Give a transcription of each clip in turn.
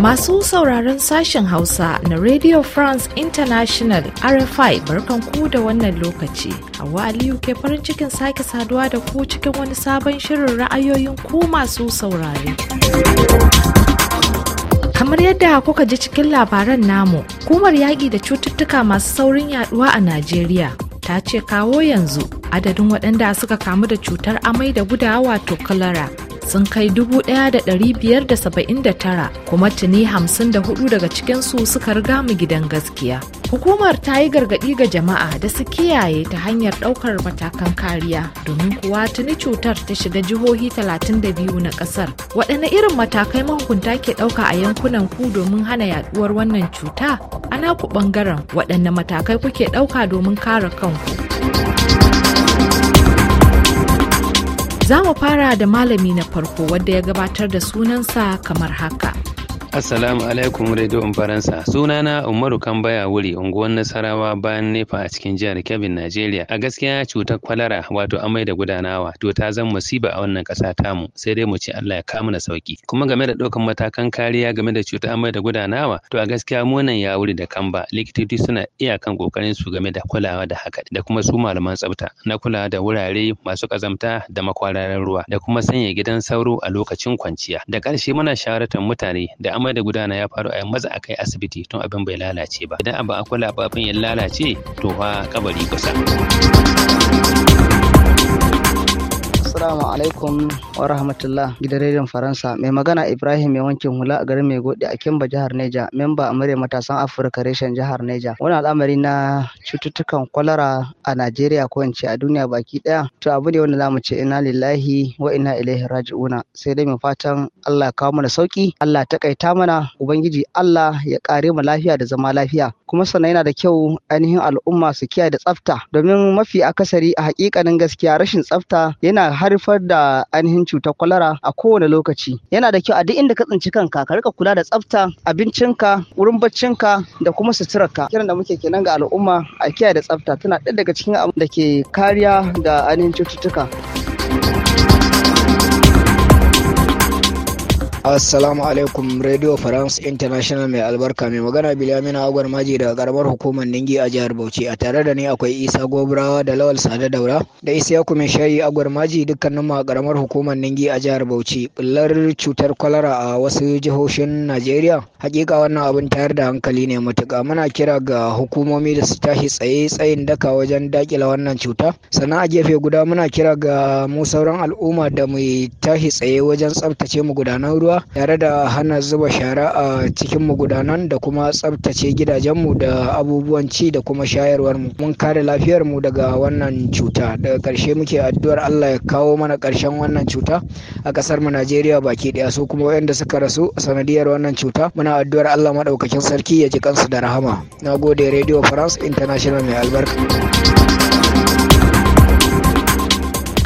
Masu sauraron sashen Hausa na Radio France International RFI barkan ku da wannan lokaci. Hawa Aliyu ke farin cikin sake saduwa da ku cikin wani sabon shirin ra'ayoyin ku masu saurare. Kamar yadda kuka ji cikin labaran namu, kumar yaƙi da cututtuka masu saurin yaduwa a Najeriya ta ce kawo yanzu adadin waɗanda suka kamu da cutar amai da gudawa wato kalara, sun kai da saba'in tara, kuma tuni hamsin da 54 daga cikinsu suka riga mu gidan gaskiya. Hukumar ta yi gargaɗi ga jama'a da su kiyaye ta hanyar ɗaukar matakan kariya domin kuwa tuni cutar ta shiga jihohi 32 na ƙasar. Waɗanne irin matakai mahukunta ke ɗauka a yankunan ku domin hana yaɗuwar wannan cuta? Ana ku ɓangaren waɗanne matakai kuke ɗauka domin kare kanku? Za mu fara da malami na farko wadda ya gabatar da sunansa kamar haka. Assalamu alaikum rediyon Faransa. Sunana Umaru Kambaya Wuri, unguwar Nasarawa bayan Nefa a cikin jihar Kebbi, Najeriya. A gaskiya cutar kwalara wato amai da gudanawa to ta zama musiba a wannan ƙasa mu, sai dai mu ci Allah ya kawo mana sauki. Kuma game da ɗaukan matakan kariya game da cutar amai da gudanawa to a gaskiya mu nan ya wuri da Kamba likitoci suna iya kan kokarin su game da kulawa da haka da kuma su malaman tsafta na kulawa da wurare masu kazamta da makwararan ruwa da kuma sanya gidan sauro a lokacin kwanciya. Da ƙarshe muna shawartar mutane da amai da gudana ya faru a maza akai asibiti tun abin bai lalace ba idan ba a kula ba ya lalace to fa kabari kusa Assalamu alaikum wa rahmatullah gidan rediyon Faransa. Mai magana Ibrahim mai wankin hula a garin Mai Gode a Kimba jihar Neja, memba amurya matasan Afirka reshen jihar Neja. Wani al'amari na cututtukan kwalara a Najeriya ko in ce a duniya baki daya. To abu ne wanda za mu ce ina lillahi wa ina ilaihi raji'una. Sai dai mu fatan Allah ya kawo mana sauki, Allah ya takaita mana, Ubangiji Allah ya kare mu lafiya da zama lafiya. Kuma sannan yana da kyau ainihin al'umma su kiyaye da tsafta domin mafi akasari a hakikanin gaskiya rashin tsafta yana haifar da ainihin cutar kwalara a kowane lokaci yana da kyau a duk inda ka tsinci kanka ka rika kula da tsafta abincinka wurin baccinka da kuma suturarka kiran da muke kenan ga al'umma a kiyaye da tsafta tana ɗaya daga cikin abin da ke kariya da ainihin cututtuka. Assalamu alaikum Radio France International mai albarka mai magana Bilamina Agwar Maji daga karamar hukumar Ningi a jihar Bauchi a tare da ni akwai Isa Gobrawa da Lawal Sada Daura da Isiyaku mai shayi Agwar Maji dukkanin mu a karamar hukumar Ningi a jihar Bauchi bullar cutar kwalara a wasu jihohin Najeriya hakika wannan abin tayar da hankali ne matuka muna kira ga hukumomi da su tashi tsaye tsayin daka wajen dakila wannan cuta sannan a gefe guda muna kira ga mu sauran al'umma da mu tashi tsaye wajen tsaftace mu gudanar ruwa tare da hana zuba shara a cikin magudanan da kuma tsabtace gidajenmu da abubuwan ci da kuma shayarwar mu. mun kare lafiyar mu daga wannan cuta daga ƙarshe muke addu'ar allah ya kawo mana ƙarshen wannan cuta a ƙasar mu najeriya baki ɗaya su kuma waɗanda suka rasu sanadiyar wannan cuta muna addu'ar allah maɗaukakin sarki ya ji kansu da rahama na gode radio france international mai albarka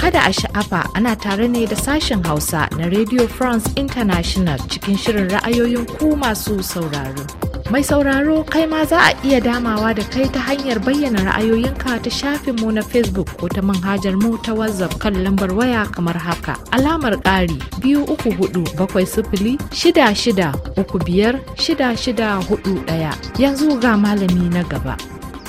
Kada a sha'afa ana tare ne da sashen Hausa na Radio France International cikin shirin ra'ayoyin ku masu sauraro. Mai sauraro kai ma za a iya damawa da kai ta hanyar bayyana ra'ayoyinka ta shafin mu na Facebook ko ta manhajar mu ta WhatsApp kan lambar waya kamar haka. Alamar ƙari biyu uku hudu bakwai sifili shida shida uku biyar shida shida hudu ɗaya. Yanzu ga malami na gaba.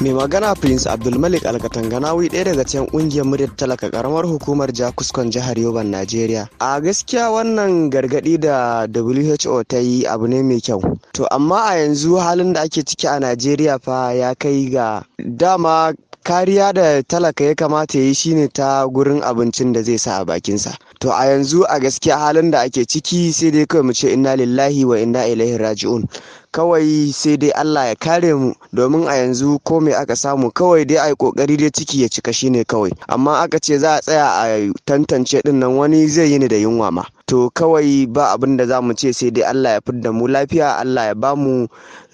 mai magana prince abdulmalik alkatanganawi ɗaya daga cikin ƙungiyar muryar talaka karamar hukumar jakuskon jihar yoban najeriya a gaskiya wannan gargaɗi da who ta yi abu ne mai kyau to amma a yanzu halin da ake ciki a najeriya fa ya kai ga dama kariya da talaka ya kamata ya yi shine ta gurin abincin da zai sa a bakinsa to a yanzu a gaskiya halin da ake ciki sai dai kawai mu ce inna lillahi wa inna ilaihi raji'un kawai sai dai Allah ya kare mu domin a yanzu ko me aka samu kawai dai a yi kokari dai ciki ya cika shine kawai amma aka ce za a tsaya a tantance din wani zai yi ni da yunwa ma to kawai ba abin da za mu ce sai dai Allah ya fidda mu lafiya Allah ya ba mu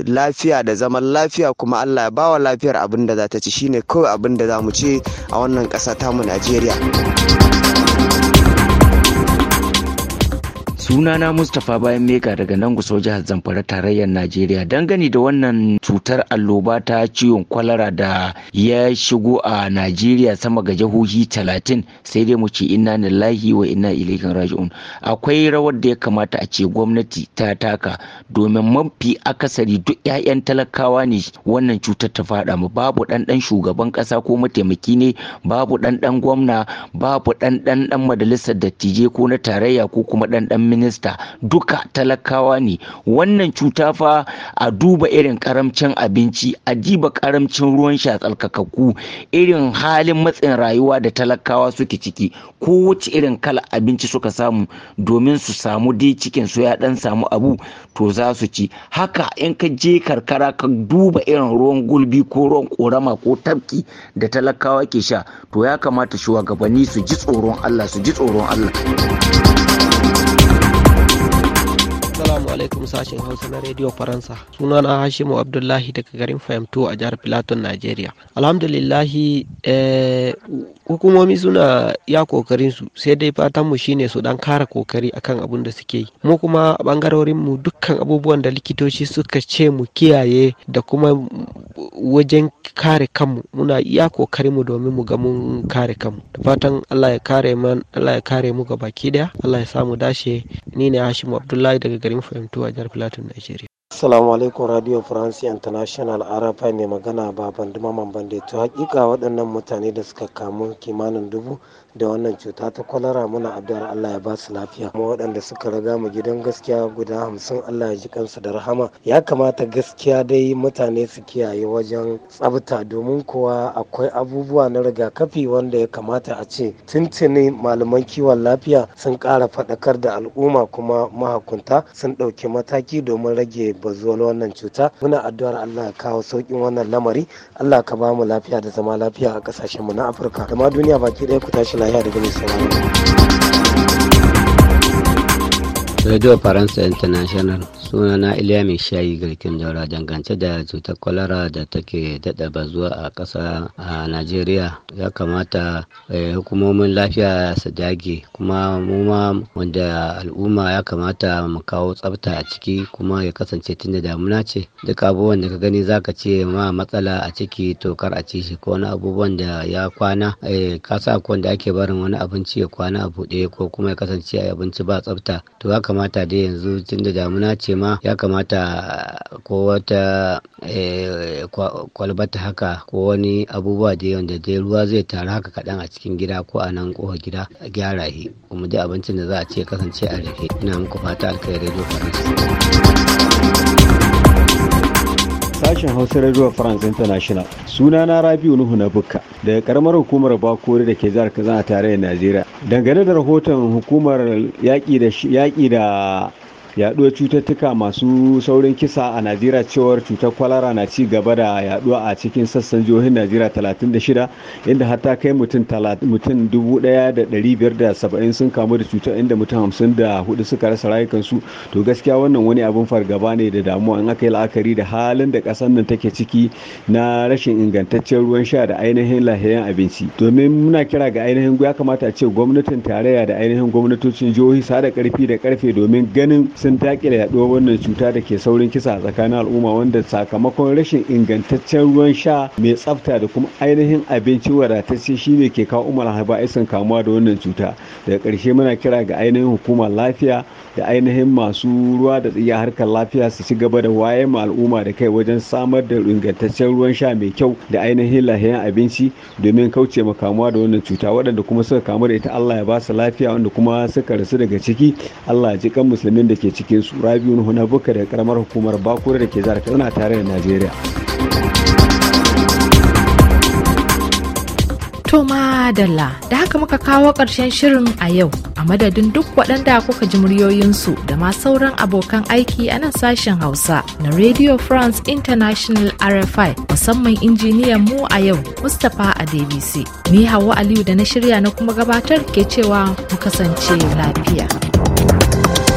lafiya da zaman lafiya kuma Allah ya bawa lafiyar abin da za ta ci shine kawai abin da za mu ce a wannan ƙasa mu Najeriya. sunana mustapha bayan mega daga nan soja jihar zamfara tarayyar najeriya dangane da wannan cutar alloba ta ciwon kwalara da ya shigo a najeriya sama ga jihohi talatin sai dai mu ce inna lillahi wa inna ilaihi raji'un akwai rawar da ya kamata a ce gwamnati ta taka domin mafi akasari duk 'ya'yan talakawa ne wannan cutar ta fada mu babu ɗanɗan shugaban ƙasa ko mataimaki ne babu ɗanɗan gwamna babu ɗanɗan ɗan majalisar dattijai ko na tarayya ko kuma ɗanɗan minista duka talakawa ne wannan cuta fa a duba irin karamcin abinci a jiba karamcin ruwan sha tsalkakakku irin halin matsin rayuwa da talakawa suke ciki ko wace irin kala abinci suka samu domin su samu dai cikin su ya dan samu abu to za su ci haka in ka je karkara ka duba irin ruwan gulbi ko ruwan korama ko tafki da talakawa ke sha to ya kamata shugabanni su ji tsoron Allah su ji tsoron Allah. Assalamu alaikum sashen Hausa na Radio Faransa. Sunana Hashimu Abdullahi daga garin Fahimto a jihar Filaton, Najeriya. Alhamdulillahi eh, hukumomi suna ya kokarin su sai dai fatan mu shine su dan kara kokari akan abun da suke yi mu kuma a bangarorin mu dukkan abubuwan da likitoci suka ce mu kiyaye da kuma wajen kare kanmu muna iya kokarin mu domin mu ga mun kare kanmu da fatan Allah ya kare man Allah ya kare mu baki daya Allah ya samu dace ni ne Hashim Abdullahi daga garin a jihar Plateau Nigeria assalamu alaikum radio france international arafa mai magana baban dumaman bandeto hakika waɗannan mutane da suka kamu kimanin dubu da wannan cuta ta kwalara muna addu'ar Allah ya ba su lafiya kuma waɗanda suka raga mu gidan gaskiya guda hamsin Allah ya ji kansu da rahama ya kamata gaskiya dai mutane su kiyaye wajen tsabta domin kuwa akwai abubuwa na rigakafi wanda ya kamata a ce tuntuni malaman kiwon lafiya sun ƙara faɗakar da al'umma kuma mahakunta sun ɗauki mataki domin rage bazuwar wannan cuta muna addu'ar Allah ya kawo sauƙin wannan lamari Allah ka ba mu lafiya da zama lafiya a mu na Afirka da duniya baki ɗaya ku tashi 悩んでくるんですよね。radio faransa international sunana iliya mai shayi garkin daura dangance da cutar kwalara da take daɗa bazuwa a ƙasa a najeriya ya kamata eh, hukumomin lafiya su dage kuma mu wanda al'umma ya kamata mu kawo tsabta a ciki kuma ya kasance tun da damuna ce duk abubuwan da ka gani za ka ce ma matsala a ciki to kar a ci shi ko wani abubuwan da ya kwana eh, ka sa da ake barin wani abinci ya kwana a buɗe ko kuma ya kasance a abinci ba tsabta to haka kamata dai yanzu tun da damuna ce ma ya kamata ko wata eh, kwalbata haka ko wani abubuwa da wanda dai ruwa zai taru haka kaɗan a cikin gida ko a nan ƙofar gida a gyara shi kuma dai abincin da za a ce kasance a rufe ina muku fata alkhairi faransa sashen Hausa Radio France International. Suna na Rabiu Nuhu na Bukka daga karamar hukumar Bakori da ke zarka zana a tarayyar Najeriya. Dangane da rahoton hukumar yaƙi da yaduwar cututtuka masu saurin kisa a najeriya cewar cutar kwalara na ci gaba da yaduwa a cikin sassan jihohin najeriya 36 inda hatta kai mutum 1570 sun kamu da cutar inda mutum 54 suka rasa rayukansu to gaskiya wannan wani abin fargaba ne da damuwa in aka yi la'akari da halin da kasar nan take ciki na rashin ingantaccen ruwan sha da ainihin lahiyan abinci domin muna kira ga ainihin ya kamata a ce gwamnatin tarayya da ainihin gwamnatocin jihohi sa da karfi da karfe domin ganin sun takile yaduwar wannan cuta da ke saurin kisa a tsakanin al'umma wanda sakamakon rashin ingantaccen ruwan sha mai tsafta da kuma ainihin abinci wadatacce shine ke kawo umar isan kamuwa da wannan cuta daga ƙarshe muna kira ga ainihin hukumar lafiya da ainihin masu ruwa da tsiya harkar lafiya su ci gaba da waye ma al'umma da kai wajen samar da ingantaccen ruwan sha mai kyau da ainihin lahiyan abinci domin kauce ma kamuwa da wannan cuta waɗanda kuma suka kamu da ita Allah ya ba su lafiya wanda kuma suka rasu daga ciki Allah ya ji kan musulmin da ke cikin su rabiu nuhu na buka da karamar hukumar bakure da ke zarafi katsina tare da najeriya toma dala da haka muka kawo ƙarshen shirin a yau a madadin duk waɗanda kuka ji muryoyinsu da ma sauran abokan aiki a nan sashen Hausa na Radio France International RFI musamman injiniyan mu a yau Mustapha a dbc Ni Hawa Aliyu da na shirya na kuma gabatar ke cewa mu kasance lafiya.